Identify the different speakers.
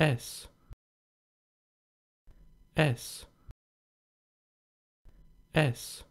Speaker 1: S S S